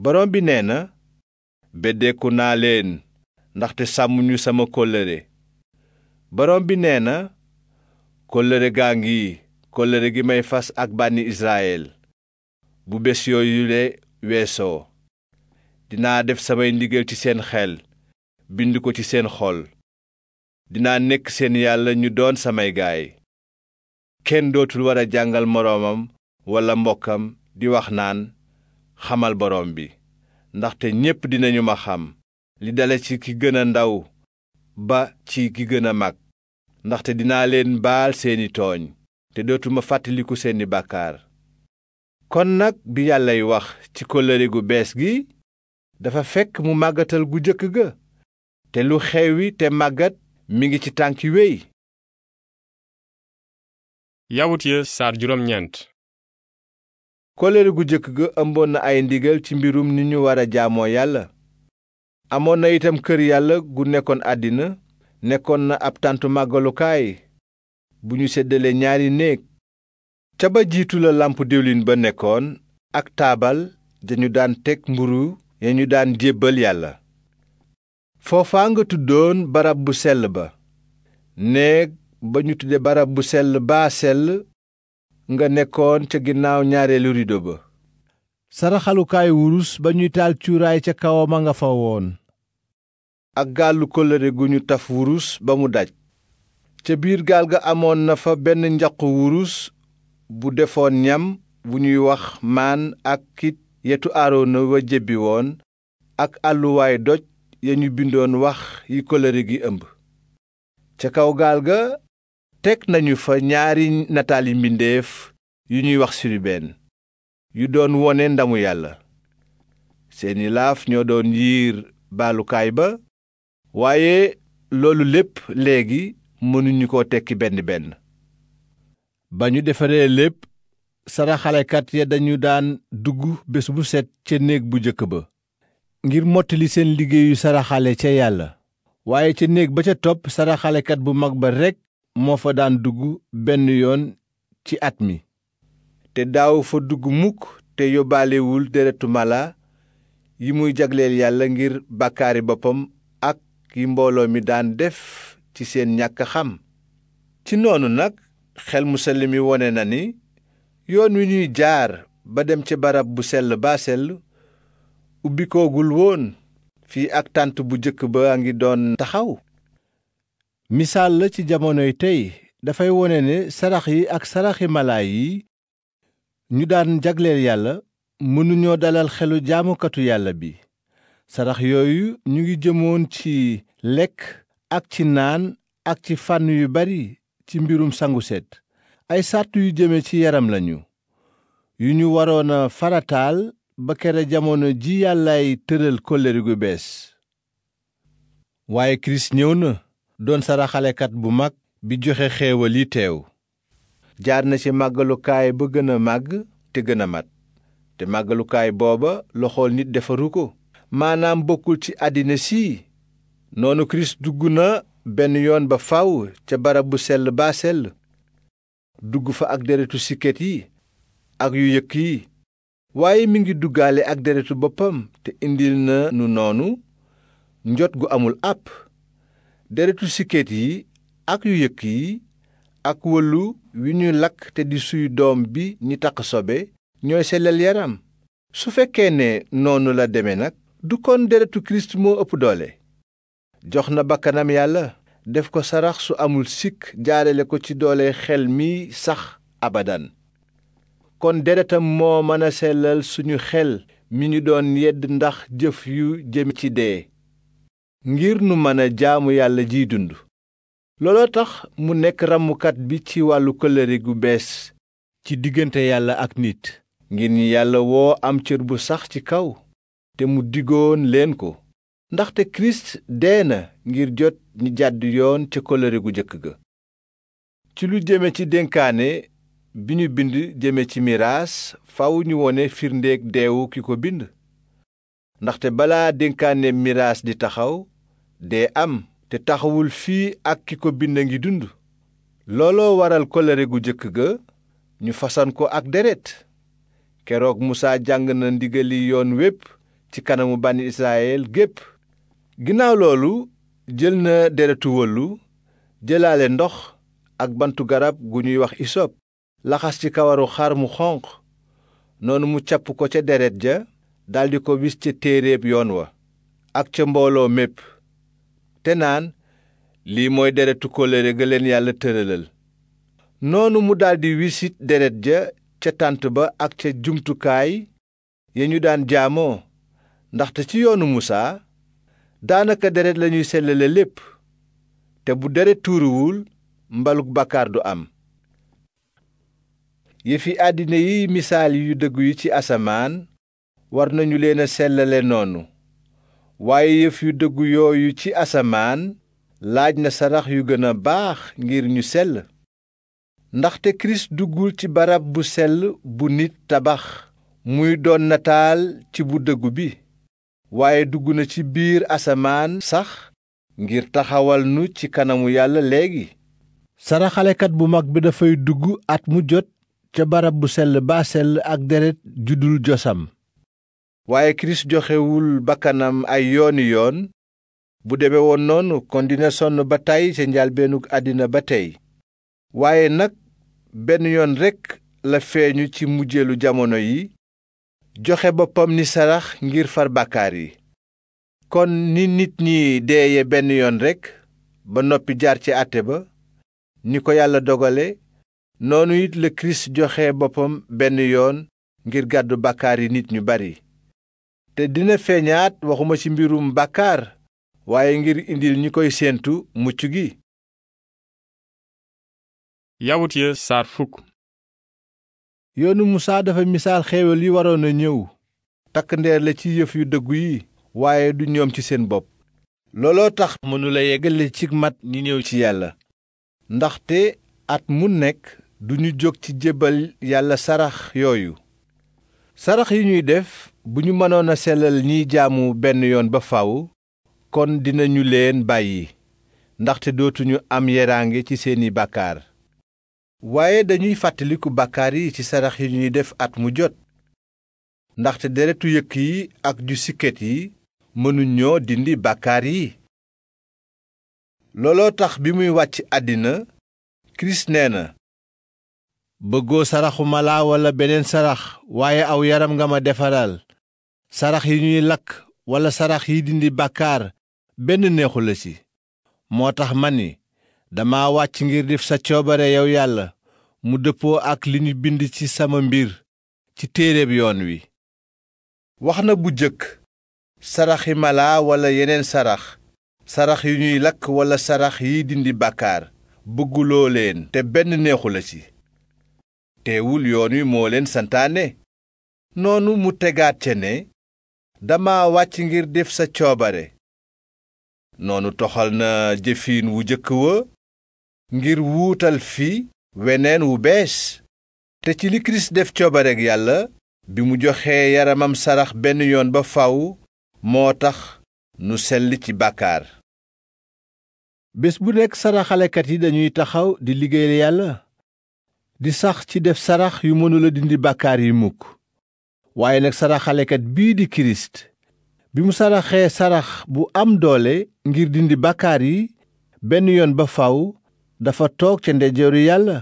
borom bi nee na beddeeku naa leen ndaxte sàmmuñu sama kóllëre borom bi nee na kóllëre gaa ngi kóllëre gi may fas ak bànni Israyel bu bés yooyule weesoo dinaa def samay ndigal ci seen xel bind ko ci seen xol dinaa nekk seen yàlla ñu doon samay gaay kenn dootul war a jàngal moroomam walla mbokkam di wax naan xamal boroom bi ndaxte ñépp dinañu ma xam li dala ci ki gëna ndaw ba ci ki gëna a mag ndaxte dinaa leen baal seeni tooñ te dootuma fàttaliku seeni bàkkaar kon nag bi yàllay wax ci kóllëre gu bees gi dafa fekk mu màggatal gu jëkk ga te lu xewi te màggat mi ngi ci tànki wey yawut ya saar juróom gu jëkk ga ëmboon na ay ndigal ci mbirum ni ñu war a jaamoo yàlla amoon na itam kër yàlla gu nekkoon àddina nekkoon na ab tàntu màggalukaay bu ñu ñaari néeg ca jiitu la làmp diwlin ba nekkoon ak taabal dañu daan teg mburu ya ñu daan jébbal yàlla foofa nga tuddoon barab bu sell ba néeg ba ñu tuddee barab bu sell baa sell nga nekkoon ca ginnaaw ñaareelu rido ba saraxalukaay wurus ba ñuy taal cuuraay ca kawam a nga fa woon ak gaalu kóllëre gu ñu taf wurus ba mu daj ca biir gaal ga amoon na fa benn njaqu wurus bu defoon ñam bu ñuy wax maan ak kit yetu aaroona wa jébbi woon ak àlluwaay doj ya ñu bindoon wax yi kóllëre gi ëmb ca kaw gaal ga teg nañu fa ñaari nataali mbindeef yu ñuy wax siribeen yu doon wone ndamu yàlla seeni laaf ñoo doon yiir baalukaay ba waaye loolu lépp léegi mënuñu ko tekki benn benn ba ñu defaree lépp saraxalekat ya dañu daan dugg bés bu set ca néeg bu jëkk ba ngir mottali seen liggéeyu saraxale ca yàlla waaye ca néeg ba ca topp saraxalekat bu mag ba rekk moo fa daan dugg benn yoon ci at mi te daaw fa dugg mukk te yóbbaalewul deretu mala yi muy jagleel yàlla ngir bakkaari boppam ak yi mbooloo mi daan def ci seen ñàkk xam ci noonu nag xel mu sell mi wone na ni yoon wi ñuy jaar ba dem ci barab bu sell baa sell ubbikoogul woon fii ak tànt bu jëkk ba a ngi doon taxaw misaal la ci jamonoy tey dafay wone ne sarax yi ak saraxi malaa yi ñu daan jagleel yàlla mënuñoo dalal xelu jaamukatu yàlla bi sarax yooyu ñu ngi jëmoon ci lekk ak ci naan ak ci fànn yu bari ci mbirum sangu set ay sart yu jëme ci yaram lañu yu ñu waroon a farataal ba kere jamono ji yàllaay tëral kóllëre gu bees waaye kirist ñëw na doon saraxalekat bu mag bi joxe xéewal yi teew jaar na ci màggalukaay ba gën a màgg te gën a mat te màggalukaay booba loxool nit defaru ko maanaam bokkul ci àddina sii noonu kirist dugg na benn yoon ba faw ca barab bu sell baa sell dugg fa ak deretu siket yi ak yu yëkk yi waaye mi ngi duggaale ak deretu boppam te indi na nu noonu njot gu amul àpp deretu siket yi ak yu yëkk yi ak wëllu wi ñuy lakk te di suy doom bi ni taq sobe ñooy sellal yaram su fekkee ne noonu la deme nag du kon deretu kirist moo ëpp doole jox na bakkanam yàlla def ko sarax su amul sikk jaarale ko ci doole xel mi sax abadan kon deretam moo mën a sellal suñu xel mi ñu doon yedd ndax jëf yu jëm ci dee ngir nu mën a jaamu yàlla jiy dund looloo tax mu nekk ramukat bi ci wàllu kóllëre gu bees ci diggante yàlla ak nit ngir ñi yàlla woo am cër bu sax ci kaw te mu digoon leen ko ndaxte kirist dee na ngir jot ñi jàdd yoon ca kóllëre gu jëkk ga ci lu jëme ci dénkaane bi ñu bind jëme ci miraas faw ñu wone firndeek deewu ki ko bind ndaxte balaa dénkaane miraas di taxaw dee am te taxawul fii ak ki ko bind a ngi dund looloo waral kóllëre gu jëkk ga ñu fasan ko ak deret keroog musaa jàng na ndigali yoon wépp ci kanamu bànni israyel gépp ginnaaw loolu jël na deretu wëllu jëlale ndox ak bantu garab gu ñuy wax isop laxas ci kawaru xar mu xonq noonu mu capp ko ca deret ja daldi ko wis ca téeréeb yoon wa ak ca mbooloo mépp te naan lii mooy deretu kóllëre ga leen yàlla tërëlal noonu mu daldi wisit deret ja ca tànt ba ak ca jumtukaay ya ñu daan jaamoo ndaxte ci yoonu musaa daanaka deret lañuy sellale lépp te bu deret tuuruwul mbalug bàkkaar du am yëfi àddina yi misaal yu dëgg yi ci asamaan war nañu leen a sellale noonu waaye yëf yu dëgg yooyu ci asamaan laaj na sarax yu gën a baax ngir ñu sell ndaxte kirist duggul ci barab bu sell bu nit tabax muy doon nataal ci bu dëggu bi waaye dugg na ci biir asamaan sax ngir taxawal nu ci kanamu yàlla léegi saraxalekat bu mag bi dafay dugg at mu jot ca barab bu sell baa sell ak deret dul josam waaye kirist joxewul bakkanam ay yooni yoon bu deme woon noonu kon dina sonn ba tàyyi ca njaalbeenug àddina ba tey waaye nag benn yoon rekk la feeñu ci mujjeelu jamono yi joxe boppam ni sarax ngir far bàkkaar yi kon ni nit ñi deeye benn yoon rekk ba noppi jaar ci àtte ba ñi ko yàlla dogale noonu it la kirist joxe boppam benn yoon ngir gàddu bàkkaar yi nit ñu bari te dina feeñaat waxuma ci mbirum bàkkaar waaye ngir indil ñi koy séentu mucc gi yoonu musaa dafa misaal xéewal yi waroon a ñëw takk ndeer la ci yëf yu dëggu yi waaye du ñoom ci seen bopp looloo tax mënula yeggale ci mat ñi ñëw ci yàlla ndaxte at mun nekk du ñu jóg ci jébbal yàlla sarax yooyu sarax yi ñuy def bu ñu mënoon a sellal ñiy jaamu benn yoon ba faw kon dinañu leen bàyyi ndaxte dootuñu am yeraange ci seeni bàkkaar waaye dañuy fàttaliku bàkkaar yi ci sarax yi ñuy def at mu jot ndaxte deretu yëkk yi ak ju sikket yi mënuñoo dindi bàkkaar yi looloo tax bi muy wàcc àddina kirist nee na bëggoo saraxu mala walla beneen sarax waaye aw yaram nga ma defaral sarax yi ñuy lakk walla sarax yi dindi bàkkaar benn neexula si moo tax ma ni dama wàcc ngir def sa coobare yow yàlla mu dëppoo ak li bind ci sama mbir ci téereb yoon wi wax na bu jëkk saraxi mala walla yeneen sarax sarax yu ñuy lakk walla sarax yi dindi bàkkaar bëgguloo leen te benn neexu la ci teewul yoon wi moo leen santaane noonu mu tegaat ca ne dama wàcc ngir def sa coobare noonu toxal na jëfin wu jëkk wa ngir wuutal fii weneen wu bees te ci li kirist def coobareg yàlla bi mu joxee yaramam sarax benn yoon ba faw moo tax nu sell ci bàkkaar bés bu nekk saraxalekat yi dañuy taxaw di liggéeyal yàlla di sax ci def sarax yu mënula dindi bàkkaar yi mukk waaye nag saraxalekat bii di kirist bi mu saraxee sarax bu am doole ngir dindi bàkkaar yi benn yoon ba faw dafa toog ca ndeyjooru yàlla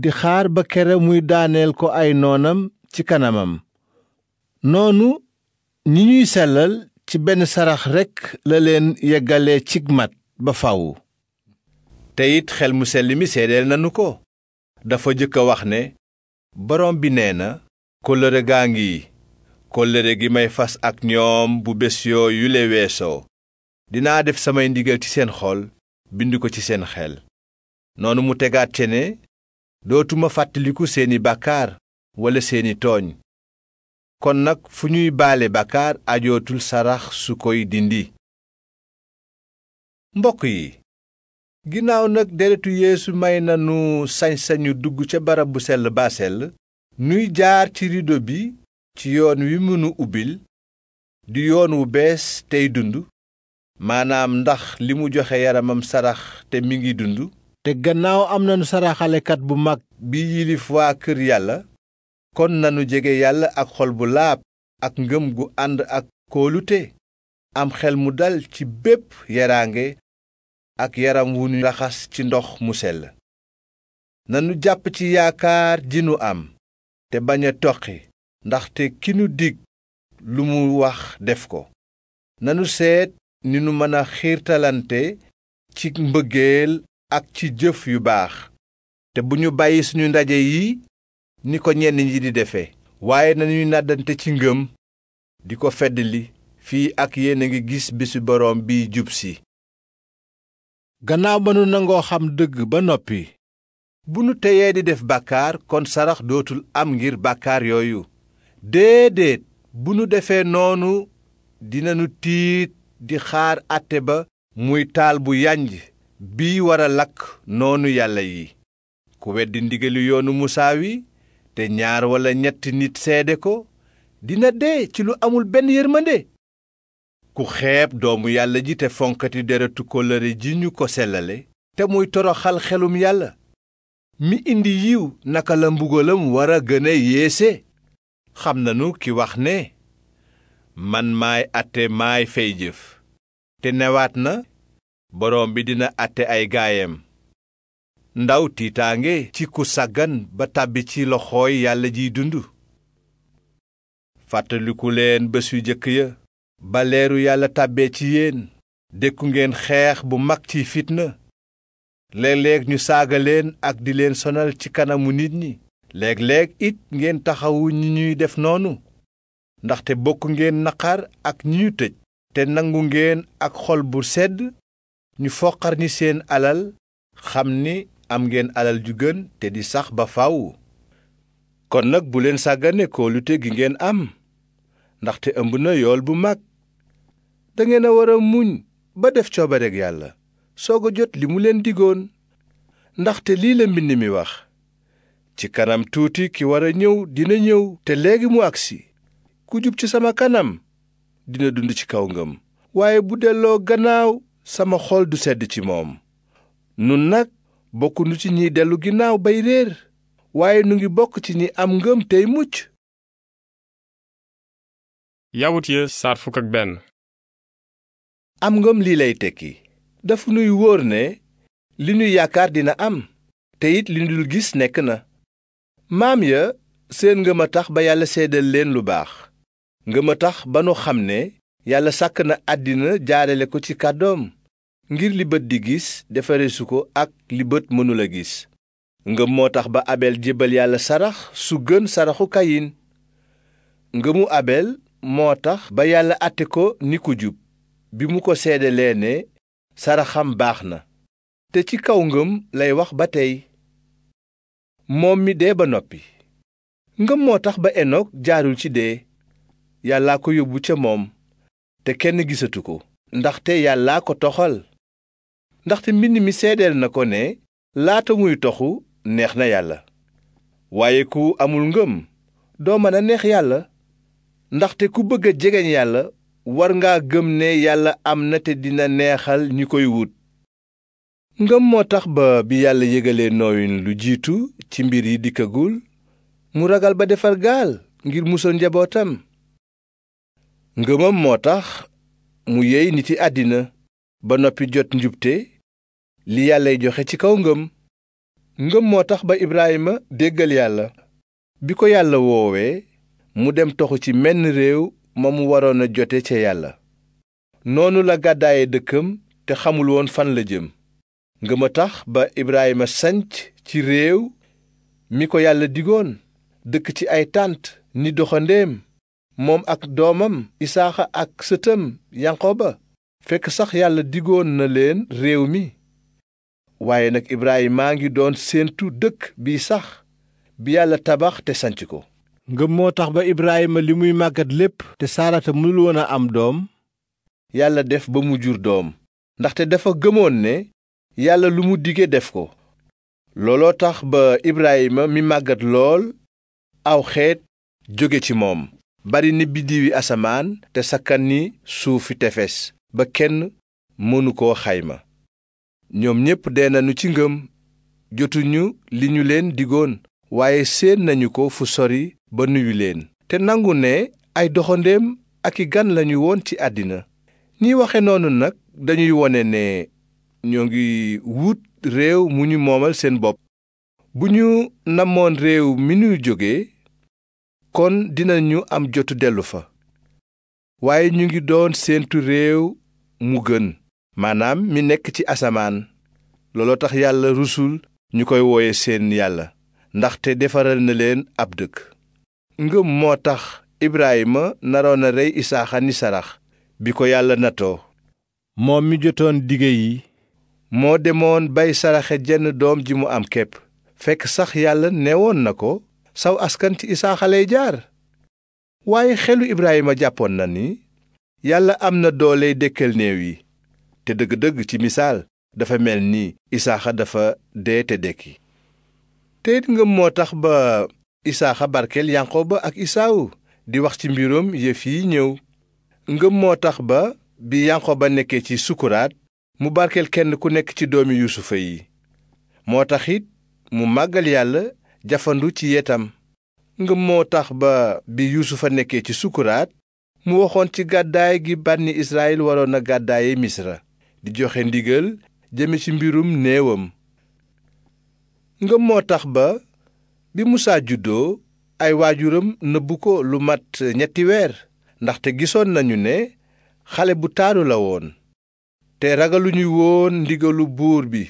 di xaar ba kere muy daaneel ko ay noonam ci kanamam noonu ñi ñuy sellal ci benn sarax rekk la leen yeggale cig mat ba faw te it xel mu sell mi seedeel nanu ko dafa jëkk a wax ne borom bi nee na kóllëre gaa ngi kóllëre gi may fas ak ñoom bu bés yooyu le weesoo dinaa def samay ndigal ci seen xol bind ko ci seen xel noonu mu tegaat ce ne dootuma fàttaliku seeni bàkkaar wala seeni tooñ kon nag fu ñuy baale bàkkaar ajootul sarax su koy dindi mbokk yi ginnaaw nag deretu yéesu may nanu sañ-sañu dugg ca barab bu sell baa sell nuy jaar ci rido bi ci yoon wi mënu ubbil di yoon wu bees tey dund maanaam ndax li mu joxe yaramam sarax te mi ngi dund te gannaaw am nanu saraxalekat bu mag bi yilif waa kër yàlla kon nanu jege yàlla ak xol bu laab ak ngëm gu ànd ak kóolute am xel mu dal ci bépp yaraange ak yaram wu ñu raxas ci ndox mu sell nanu jàpp ci yaakaar ji nu am te bañ a toqi ndaxte ki nu dikk lu mu wax def ko nanu seet ni nu mëna xiir talante ci mbëggeel ak ci jëf yu baax te bu ñu bàyyi suñu ndaje yi ni ko ñenn ñi di defe waaye nañuy nàddante ci ngëm di ko feddali fii ak yéen a ngi gis bi bisu boroom biy jub si gannaaw ba nangoo xam dëgg ba noppi bu nu teyee di def bàkkaar kon sarax dootul am ngir bàkkaar yooyu bu nu defee noonu dinanu tiit di xaar àtte ba muy taal bu yanj bii war a lakk noonu yàlla yi ku weddi ndigali yoonu musaa wi te ñaar walla ñetti nit seede ko dina dee ci lu amul benn yërmande ku xeeb doomu yàlla ji te fonkati deretu kóllëre ji ñu ko sellale te muy toroxal xelum yàlla mi indi yiw naka la mbugalam war a gën a yéese xam nanu ki wax ne man maay atte maay fay jëf te newaat na borom bi dina àtte ay gaayam ndaw tiitaange ci ku sàggan ba tàbbi ci loxooy yàlla jiy dund fàttaliku leen bés yu jëkk ya ba yàlla tàbbee ci yéen dékku ngeen xeex bu mag ci fitna léeg-léeg ñu saaga leen ak di leen sonal ci kanamu nit ñi léeg-léeg it ngeen taxawu ñi ñuy def noonu ndaxte bokk ngeen naqar ak ñi ñu tëj te nangu ngeen ak xol bu sedd ñu foqar ni seen alal xam ni am ngeen alal ju gën te di sax ba faw kon nag bu leen sàggane lu gi ngeen am ndaxte ëmb na yool bu mag dangeen a war a muñ ba def coobareg yàlla soog a jot li mu leen digoon ndaxte lii la mbind mi wax ci kanam tuuti ki war a ñëw dina ñëw te léegi mu agsi ku jub ci sama kanam dina dund ci kaw ngëm waaye bu delloo gannaaw sama xol du sedd ci moom nun nag bokkunu ci ñiy dellu ginnaaw bay waaye nu ngi bokk ci ñi am ngëm mucc yawut ya saar am ngëm lii lay tekki dafa nuy wóor ne li nuy yaakaar dina am te it li nu dul gis nekk na maam ya seen ngëm a tax ba yàlla seedal leen lu baax ngëm a tax ba nu xam ne yàlla sàkk na àddina jaarale ko ci kàddoom ngir libët di gis defareesu ko ak li bët mënula gis ngëm moo tax ba abel jébbal yàlla sarax su gën saraxu kayin ngëmu abel moo tax ba yàlla àtte ko ni ku jub bi mu ko seedelee ne saraxam baax na te ci kaw ngëm lay wax ba tey moom mi dee ba noppi ngëm moo tax ba enok jaarul ci dee yàllaa ko yóbbu ca moom te kenn gisatu ko ndaxte yàllaa ko toxal ndaxte mbind mi seedeel na ko ne laata muy toxu neex na yàlla waaye ku amul ngëm doo mën a neex yàlla ndaxte ku bëgg a jegeñ yàlla war ngaa gëm ne yàlla am na te dina neexal ñi koy wut ngëm moo tax ba bi yàlla yëgalee nooyin lu jiitu ci mbir yi dikkagul mu ragal ba defar gaal ngir musal njabootam ngëmam moo tax mu yey niti àddina ba noppi jot njubte li yàllay joxe ci kaw ngëm ngëm moo tax ba Ibrahima déggal yàlla bi ko yàlla woowee mu dem toxu ci menn réew ma mu waroon a jote ca yàlla noonu la gàddaaye dëkkam te xamul woon fan la jëm ngëm a tax ba Ibrahima sanc ci réew mi ko yàlla digoon dëkk ci ay tànt ni doxandeem moom ak doomam isaaxa ak sëtam ba fekk sax yàlla digoon na leen réew mi waaye nag ibraayimaa ngi doon séentu dëkk bii sax bi yàlla tabax te sanc ko ngëm moo tax ba ibraayima li muy màggat lépp te saarata mënul woon a am doom yàlla def ba mu jur doom ndaxte dafa gëmoon ne yàlla lu mu dige def ko looloo tax ba ibraayima mi màggat lool aw xeet jóge ci moom bari ni biddiwi asamaan te sakkan ni suufi tefes ba kenn mënu koo xayma ñoom ñépp dee nañu ci ngëm jotuñu li ñu leen digoon waaye séen nañu ko fu sori ba nuyu leen te nangu ne ay doxandéem ak i gan lañu woon ci àddina ñi waxe noonu nag dañuy wone ne ñoo ngi wut réew mu ñu moomal seen bopp bu ñu namoon réew mi ñu jóge kon dinañu am jotu dellu fa waaye ñu ngi doon séentu réew mu gën maanaam mi nekk ci asamaan looloo tax yàlla rusul ñu koy wooye seen yàlla ndaxte defaral na leen ab dëkk ngëm moo tax ibraayima naroon a rey isaaxa ni sarax bi ko yàlla natoo moom mi jotoon dige yi moo demoon bay saraxe jenn doom ji mu am képp fekk sax yàlla neewoon na ko saw askan ci isaaxa lay jaar waaye xelu ibraayima jàppoon na ni yàlla am na doole dëkkal néew yi te dëgg-dëgg ci misaal dafa mel ni isaaxa dafa dee te dekki te it moo tax ba isaaxa barkeel ba ak isaawu di wax ci mbiroom yëf yi ñëw ngëm moo tax ba bi ba nekkee ci sukuraat mu barkeel kenn ku nekk ci doomi yuusufa yi moo taxit mu màggal yàlla jafandu ci yetam ngëm moo tax ba bi yuusufa nekkee ci sukuraat mu waxoon ci gàddaay gi banni israel waroon a gàddaaye misra di joxe ndigal jëme ci mbirum néewam ngëm moo tax ba bi musaa juddoo ay waajuram nëbbu ko lu mat ñetti weer ndaxte gisoon nañu ne xale bu taaru la woon te ragaluñu woon ndigalu buur bi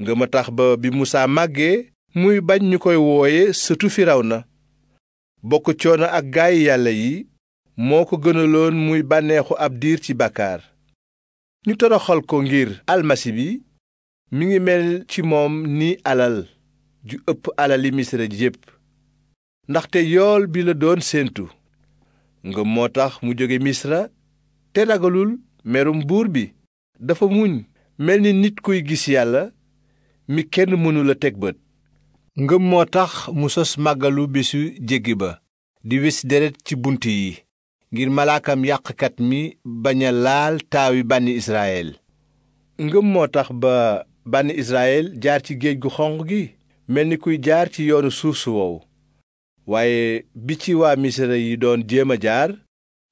ngëm a tax ba bi musaa màggee muy bañ ñu koy wooye sëtu na bokk coono ak gaay yàlla yi moo ko gënaloon muy bànneexu ab diir ci bàkkaar ñu toroxal ko ngir almasi bi mi ngi mel ci moom ni alal ju ëpp alali misra yépp ndaxte yool bi la doon séentu nga moo tax mu jóge misra te ragalul merum buur bi dafa muñ mel ni nit kuy gis yàlla mi kenn mënula teg bët ngëm moo tax mu sos màggalu bésu jéggi ba di wis deret ci bunt yi ngir malaakam yàqkat mi bañ a laal taawi bànni israyel ngëm moo tax ba bànni israyel jaar ci géej gu xonq gi mel ni kuy jaar ci yoonu suuf su wow waaye bi ci waa misra yi doon jéem a jaar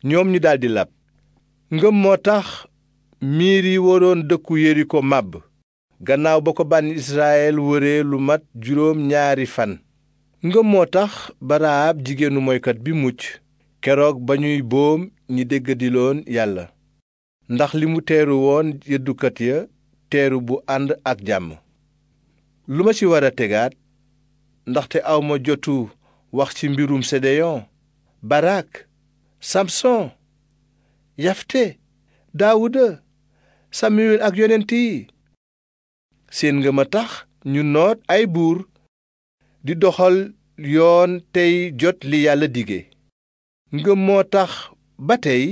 ñoom ñu daldi lab ngëm moo tax miir yi waroon dëkku yeriko màbb gannaaw ba ko bànni israyil wëree lu mat juróom ñaari fan ngëm moo tax baraab jigéenu moykat bi mucc keroog ba ñuy boom ñi déggadiloon yàlla ndax li mu teeru woon yëddukat ya teeru bu ànd ak jàmm lu ma ci war a tegaat ndaxte awma jotu wax ci mbirum sedeyon barak samson yafte daawuda samuel ak yonent yi seen ngëm a tax ñu noot ay buur di doxal yoon tey jot li yàlla dige ngëm moo tax ba tey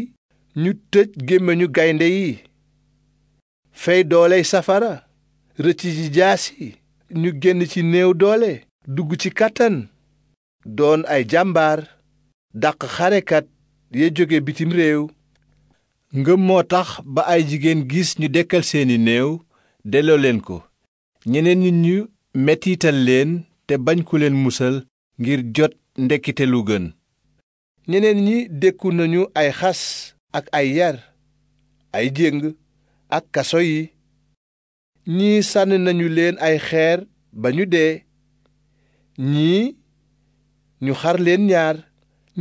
ñu tëj gémmiñu gaynde yi fey dooley safara rëcc ci jaas ñu génn ci néew doole dugg ci kàttan doon ay jàmbaar dàq xarekat ye jóge bitim réew ngëm moo tax ba ay jigéen gis ñu dekkal seeni néew delloo leen ko ñeneen nit ñu mettital leen te bañ ku leen musal ngir jot ndekkite lu gën ñeneen ñi dëkku nañu ay xas ak ay yar ay jéng ak kaso yi ñii sànni nañu leen ay xeer ba ñu dee ñii ñu xar leen ñaar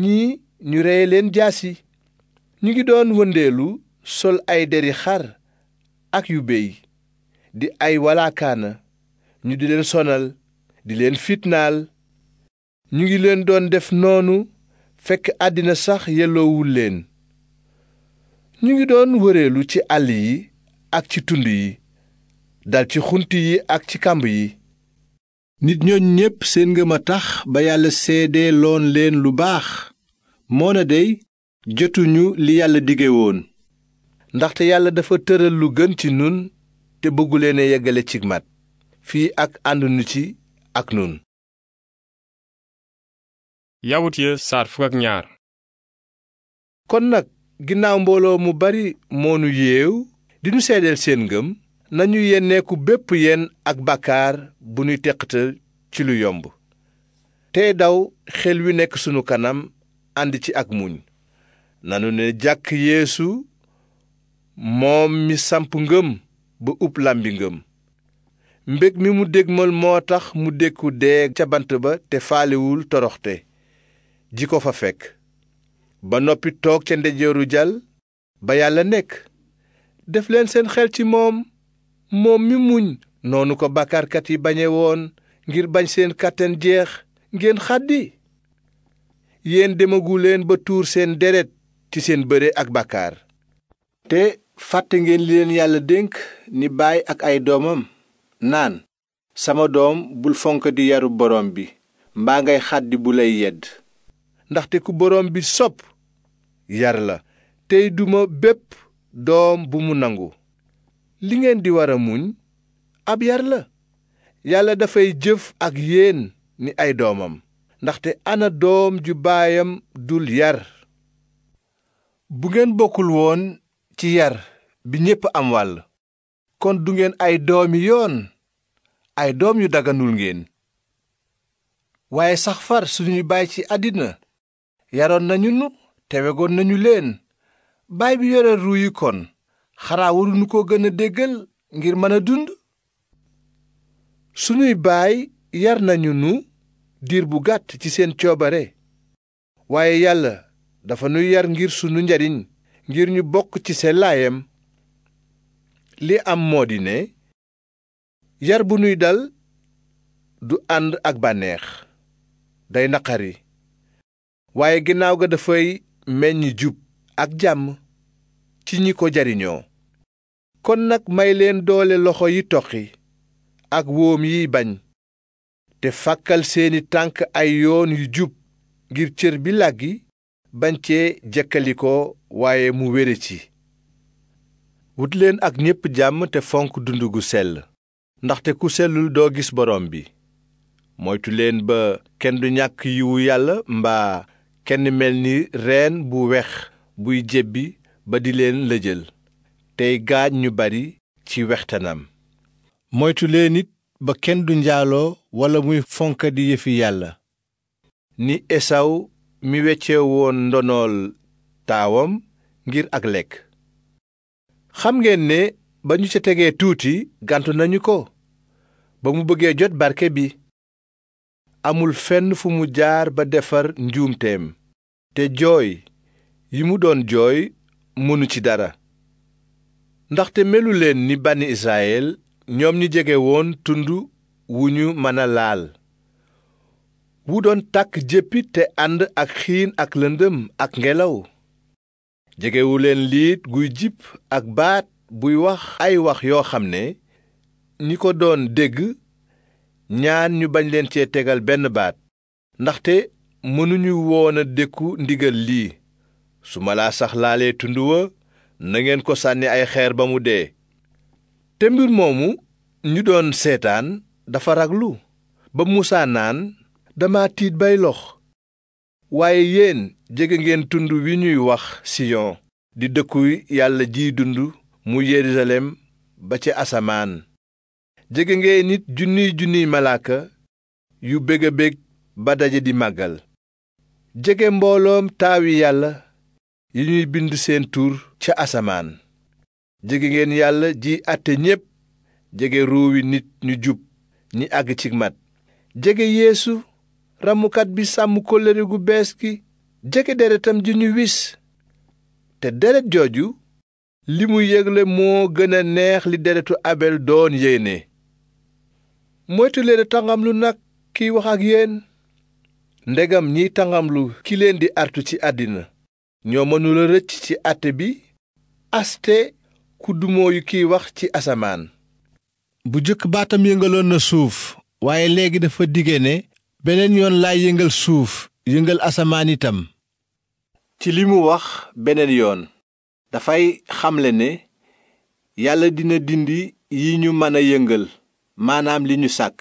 ñii ñu reye leen jaasi ñu ngi doon wëndeelu sol ay deri xar ak yu béy di ay walaakaana ñu di leen sonal di leen fitnaal ñu ngi leen doon def noonu fekk àddina sax yelloowul leen ñu ngi doon wëreelu ci àll yi ak ci tund yi dal ci xunt yi ak ci kàmb yi nit ñooñ ñépp seen ngëm a tax ba yàlla seedee loon leen lu baax moona dey jotuñu li yàlla dige woon ndaxte yàlla dafa tëral lu gën ci nun te bëggu leen a yeggale cig fii ak àndunu ci ak nun yawut ya kon nag ginnaaw mbooloo mu bari moonu yéew di nu seedeel seen ngëm nañu yenneeku bépp yenn ak bàkkaar bu nuy teqatal ci lu yomb tey daw xel wi nekk sunu kanam ànd ci ak muñ nanu ne jàkk yéesu moom mi samp ngëm ba ub làmbi ngëm mbég mi mu dégmal moo tax mu dékku dee ca bant ba te faalewul toroxte ji ko fa fekk ba noppi toog ca ndeyjooru jal ba yàlla nekk def leen seen xel ci moom moom mi muñ noonu ko bàkkaarkat yi bañe woon ngir bañ seen kàttan jeex ngeen xàddi yéen demaguleen ba tuur seen deret ci seen bëre ak bàkkaar fàtte ngeen li leen yàlla dénk ni baay ak ay doomam naan sama doom bul fonk di yaru boroom bi mbaa ngay xàddi bu lay yedd ndaxte ku boroom bi sopp yar la tey duma bépp doom bu mu nangu li ngeen di war a muñ ab yar la yàlla dafay jëf ak yeen ni ay doomam ndaxte ana doom ju baayam dul yar bu ngeen bokkul woon ci yar bi ñépp am wàll kon du ngeen ay doomi yoon ay doom yu daganul ngeen waaye sax far suñuy baay ci àddina yaroon nañu nu tewegoon nañu leen baay bi yore ruu yi kon xanaa waruñu ko gën a déggal ngir mën a dund sunuy baay yar nañu nu diir bu gàtt ci seen coobare waaye yàlla dafa nuy yar ngir sunu njariñ ngir ñu bokk ci sellaayam li am moo di ne yar bu nuy dal du ànd ak bànneex day naqari waaye ginnaaw ga dafay meññ jub ak jàmm ci ñi ko jariñoo kon nag may leen doole loxo yi toqi ak woom yiy bañ te fàkkal seeni tànk ay yoon yu jub ngir cër bi làggi bañ cee jëkkalikoo waaye mu wére ci wut leen ak ñépp jàmm te fonk dund gu sell ndaxte ku sellul doo gis boroom bi moytu leen ba kenn du ñàkk yiwu yàlla mbaa kenn mel ni reen bu wex buy jébbi ba di leen la jël tey gaañ ñu bari ci wextanam moytu leen it ba kenn du njaaloo walla muy fonka di yëfi yàlla ni esaw mi wecce woon ndonool taawam ngir ak lekk xam ngeen ne ba ñu ca tegee tuuti gàntu nañu ko ba mu bëggee jot barke bi amul fenn fu mu jaar ba defar njuumteem te jooy yi mu doon jooy mënu ci dara ndaxte melu leen ni bànni israyel ñoom ñi jege woon tund wu ñu mën a laal wu doon tàkk jëppi te ànd ak xiin ak lëndëm ak ngelaw jegewu leen liit guy jip ak baat buy wax ay wax yoo xam ne ñi ko doon dégg ñaan ñu bañ leen cee tegal benn baat ndaxte mënuñu woona dékku ndigal lii su ma laa sax laalee tund wa na ngeen ko sànni ay xeer ba mu dee te mbir moomu ñu doon seetaan dafa raglu ba muusaa naan dama tiit bay lox waaye yéen jege ngeen tund wi ñuy wax siyon di dëkku yàlla jiy dund mu yerusalem ba ci asamaan jege ngeen nit junniy junniy malaaka yu bég a ba daje di màggal jege mbooloom taawi yàlla yi ñuy bind seen tur ca asamaan jege ngeen yàlla ji àtte ñépp jege ruuwi nit ñu jub ñi àgg ci mat jege yeesu ramukat bi sàmm kóllëre gu bees gi jege deretam ju ñu wis te deret jooju li mu yégle moo gën a neex li deretu abel doon yéene moytu leen a tangamlu nag kiy wax ak yéen ndegam ñiy tangamlu ki leen di artu ci àddina ñoo mënul a rëcc ci àtte bi aste ku dumooyu kiy wax ci asamaan bu jëkk baatam yëngaloon na suuf waaye léegi dafa dige beneen yoon laay yëngal suuf yëngal asamaan itam ci li mu wax beneen yoon dafay xamle ne yàlla dina dindi yi ñu mën a yëngal maanaam li ñu sàkk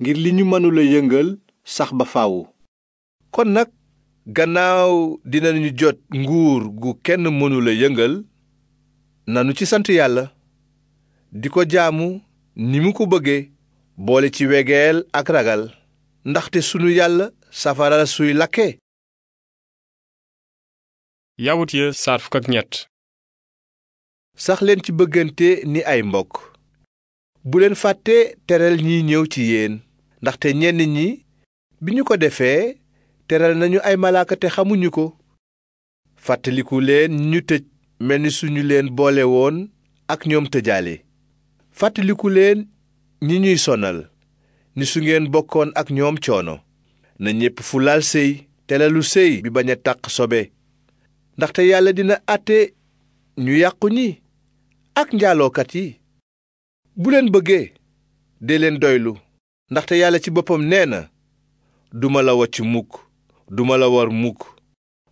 ngir li ñu mënula yëngal sax ba faaw kon nag gannaaw dinañu jot nguur gu kenn mënula yëngal nanu ci sant yàlla di ko jaamu ni mu ko bëggee boole ci wegeel ak ragal ndaxte sunu yàlla safara suy lakke yawut ya ñett sax ci bëggante ni ay mbokk bu leen fàtte teral ñiy ñëw ci yéen ndaxte ñenn ñi bi ñu ko defee teral nañu ay malaaka te xamuñu ko fàttaliku leen ñu tëj mel ni suñu leen boolewoon ak ñoom tëjaale fàttaliku leen ñi ñuy sonal ni su ngeen bokkoon ak ñoom coono na ñépp fu laal séy te lalu séy bi bañ a taq sobe ndaxte yàlla dina àtte ñu yàqu ñi ak njaalookat yi bu leen bëggee de leen doylu ndaxte yàlla ci boppam nee na duma la wacc mukk duma la war mukk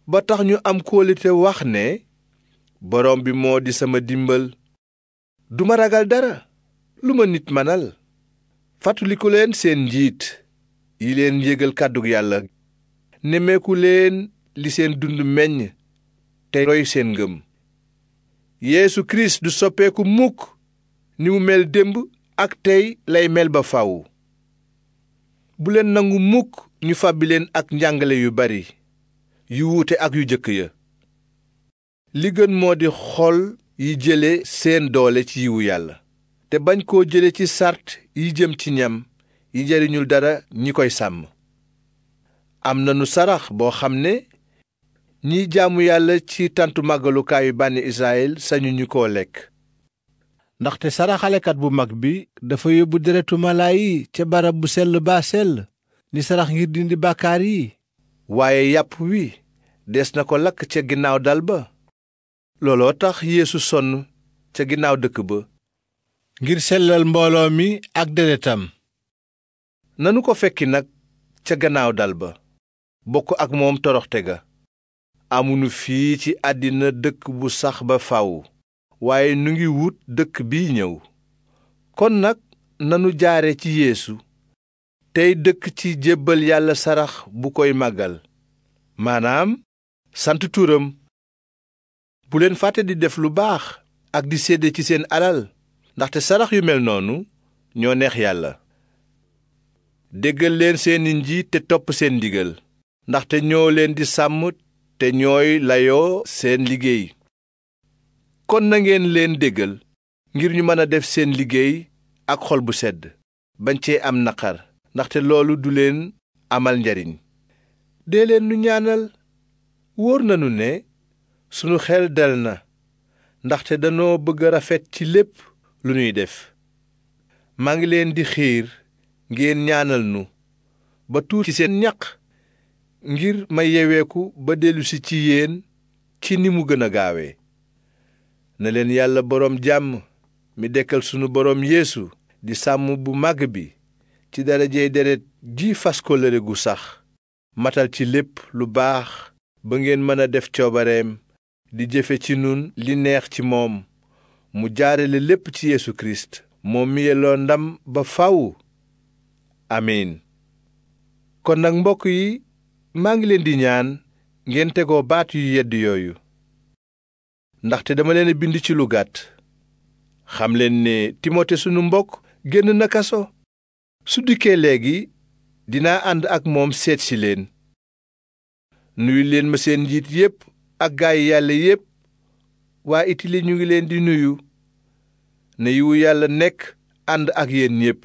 ba tax ñu am kóolite wax ne borom bi moo di sama dimbal duma ragal dara lu ma nit manal fàttaliku leen seen njiit yi leen yégal kàddug yàlla nemmeeku leen li seen dund meññ te roy seen ngëm yéesu kirist du soppeeku mukk ni mu mel démb ak tey lay mel ba faw bu leen nangu mukk ñu fàbbi leen ak njàngale yu bari yu wuute ak yu jëkk ya li gën moo di xol yi jële seen doole ci yiwu yàlla te bañ koo jële ci sart yi jëm ci ñam yi jariñul dara ñi koy sàmm am nanu sarax boo xam ne ñiy jaamu yàlla ci tàntu màggalukaayu bànni Israyil sañuñu koo lekk ndaxte saraxalekat bu mag bi dafa yóbbu deretu mala yi ca barab bu sell baa sell ni sarax ngir dindi bàkkaar yi waaye yàpp wi des na ko lakk ca ginnaaw dal ba looloo tax yéesu sonn ca ginnaaw dëkk ba ngir sellal mbooloo mi ak deretam nanu ko fekki nag ca gannaaw dal ba bokk ak moom toroxte ga amunu fii ci àddina dëkk bu sax ba faw waaye nu ngi wut dëkk bi ñëw kon nag nanu jaare ci yéesu tey dëkk ci jébbal yàlla sarax bu koy màggal maanaam sant turam bu leen fàtte di def lu baax ak di sédde ci seen alal ndaxte sarax yu mel noonu ñoo neex yàlla déggal leen seeni njiit te topp seen ndigal ndaxte ñoo leen di sàmm te ñooy layoo seen liggéey kon na leen déggal ngir ñu mën a def seen liggéey ak xol bu sedd bañ cee am naqar ndaxte loolu du leen amal njariñ dee leen nu ñaanal wóor nanu ne sunu xel dal na ndaxte danoo bëgg rafet ci lépp lu ñuy def maa ngi leen di xiir ngeen ñaanal nu ba tuuti seen ñaq ngir ma yeweeku ba dellusi ci yéen ci ni mu gën a gaawee na leen yàlla boroom jàmm mi dekkal sunu boroom yéesu di sàmm bu màgg bi ci darajey deret ji fas kóllëre gu sax matal ci lépp lu baax ba ngeen mën a def coobareem di jëfe ci nun li neex ci moom mu jaarale lépp ci yeesu kirist moom mi yelloo ndam ba faw amiin kon nag mbokk yi maa ngi leen di ñaan ngeen tegoo baat yu yedd yooyu ndaxte dama leen a bind ci lu gàtt xam leen ne timote sunu mbokk génn na kaso su dikkee léegi dinaa ànd ak moom seet si leen nuyu leen ma seen njiit yépp ak gaay yàlla yépp waa itali ñu ngi leen di nuyu ne yiwu yàlla nekk ànd ak yéen yépp